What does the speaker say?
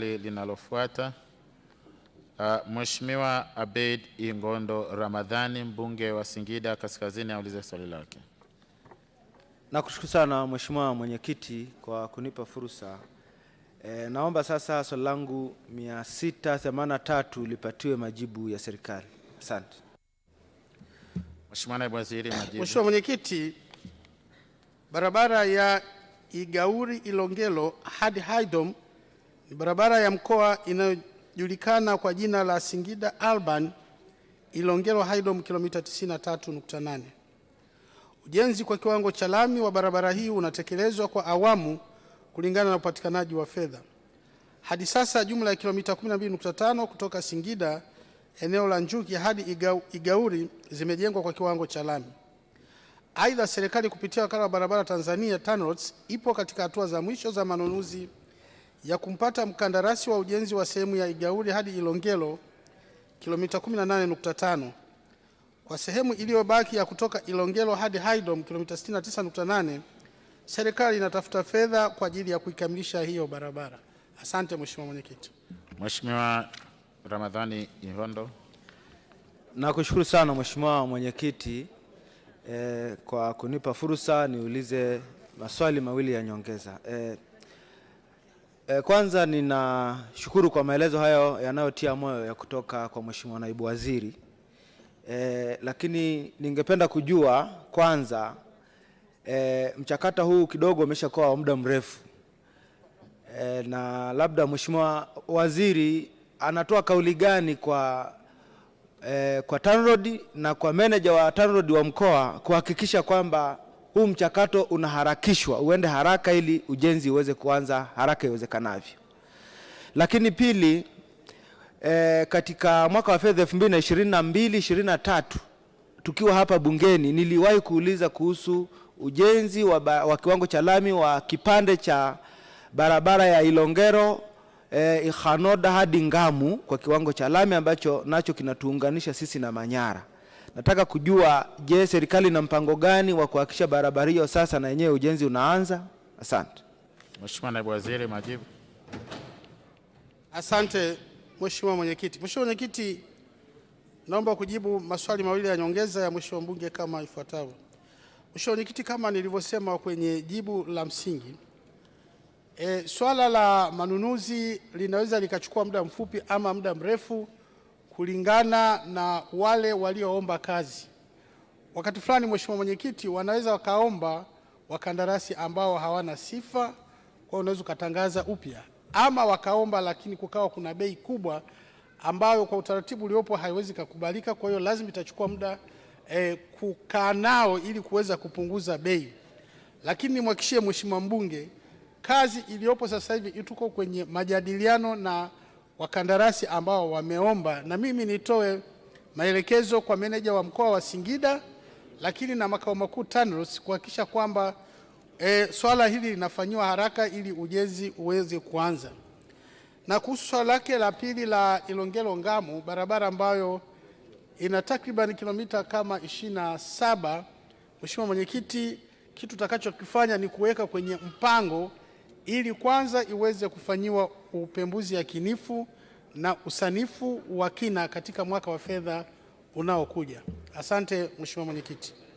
Linalofuata. Uh, Mheshimiwa Abeid Ingondo Ramadhani mbunge wa Singida Kaskazini aulize swali lake. Nakushukuru sana Mheshimiwa mwenyekiti kwa kunipa fursa. E, naomba sasa swali langu 683 lipatiwe majibu ya serikali. Asante. Mheshimiwa naibu waziri, majibu. Mheshimiwa mwenyekiti, barabara ya Igauri Ilongelo hadi Haidom ni barabara ya mkoa inayojulikana kwa jina la Singida Alban Ilongero Haydom kilomita 93.8. Ujenzi kwa kiwango cha lami wa barabara hii unatekelezwa kwa awamu kulingana na upatikanaji wa fedha. Hadi sasa jumla ya kilomita 12.5 kutoka Singida eneo la Njuki hadi Igauri zimejengwa kwa kiwango cha lami. Aidha, serikali kupitia wakala wa barabara Tanzania TANROADS ipo katika hatua za mwisho za manunuzi ya kumpata mkandarasi wa ujenzi wa sehemu ya Igauli hadi ilongelo kilomita 18.5 kwa sehemu iliyobaki ya kutoka ilongelo hadi Haidom kilomita 69.8, serikali inatafuta fedha kwa ajili ya kuikamilisha hiyo barabara. Asante Mheshimiwa Mwenyekiti. Mheshimiwa Ramadhani Ihondo. Nakushukuru sana Mheshimiwa Mwenyekiti eh, kwa kunipa fursa niulize maswali mawili ya nyongeza eh, Eh, kwanza ninashukuru kwa maelezo hayo yanayotia moyo ya kutoka kwa Mheshimiwa Naibu Waziri. E, lakini ningependa kujua kwanza e, mchakato huu kidogo umeshakuwa wa muda mrefu e, na labda Mheshimiwa Waziri anatoa kauli gani kwa e, kwa TANROADS na kwa meneja wa TANROADS wa mkoa kuhakikisha kwamba huu mchakato unaharakishwa uende haraka ili ujenzi uweze kuanza haraka iwezekanavyo. Lakini pili, e, katika mwaka wa fedha 2022 23 tukiwa hapa bungeni niliwahi kuuliza kuhusu ujenzi wa, ba, wa kiwango cha lami wa kipande cha barabara ya Ilongero e, eh, Ikhanoda hadi Ngamu kwa kiwango cha lami ambacho nacho kinatuunganisha sisi na Manyara. Nataka kujua, je, serikali ina mpango gani wa kuhakikisha barabara hiyo sasa na yenyewe ujenzi unaanza? Asante. Mheshimiwa Naibu Waziri, majibu. Asante Mheshimiwa Mwenyekiti. Mheshimiwa Mwenyekiti, naomba kujibu maswali mawili ya nyongeza ya Mheshimiwa mbunge kama ifuatavyo. Mheshimiwa Mwenyekiti, kama nilivyosema kwenye jibu la msingi e, swala la manunuzi linaweza likachukua muda mfupi ama muda mrefu kulingana na wale walioomba kazi. Wakati fulani, Mheshimiwa Mwenyekiti, wanaweza wakaomba wakandarasi ambao hawana sifa, kwa unaweza ukatangaza upya, ama wakaomba lakini kukawa kuna bei kubwa ambayo kwa utaratibu uliopo haiwezi kukubalika. Kwa hiyo lazima itachukua muda e, kukaa nao ili kuweza kupunguza bei, lakini nimwakishie Mheshimiwa mbunge, kazi iliyopo sasa hivi tuko kwenye majadiliano na wakandarasi ambao wameomba, na mimi nitoe maelekezo kwa meneja wa mkoa wa Singida, lakini na makao makuu TANROADS kuhakikisha kwamba e, swala hili linafanyiwa haraka ili ujenzi uweze kuanza. Na kuhusu swala lake la pili la Ilongero Ngamu, barabara ambayo ina takriban kilomita kama 27, saba, Mheshimiwa Mwenyekiti, kitu tutakachokifanya ni kuweka kwenye mpango ili kwanza iweze kufanyiwa upembuzi yakinifu na usanifu wa kina katika mwaka wa fedha unaokuja. Asante Mheshimiwa Mwenyekiti.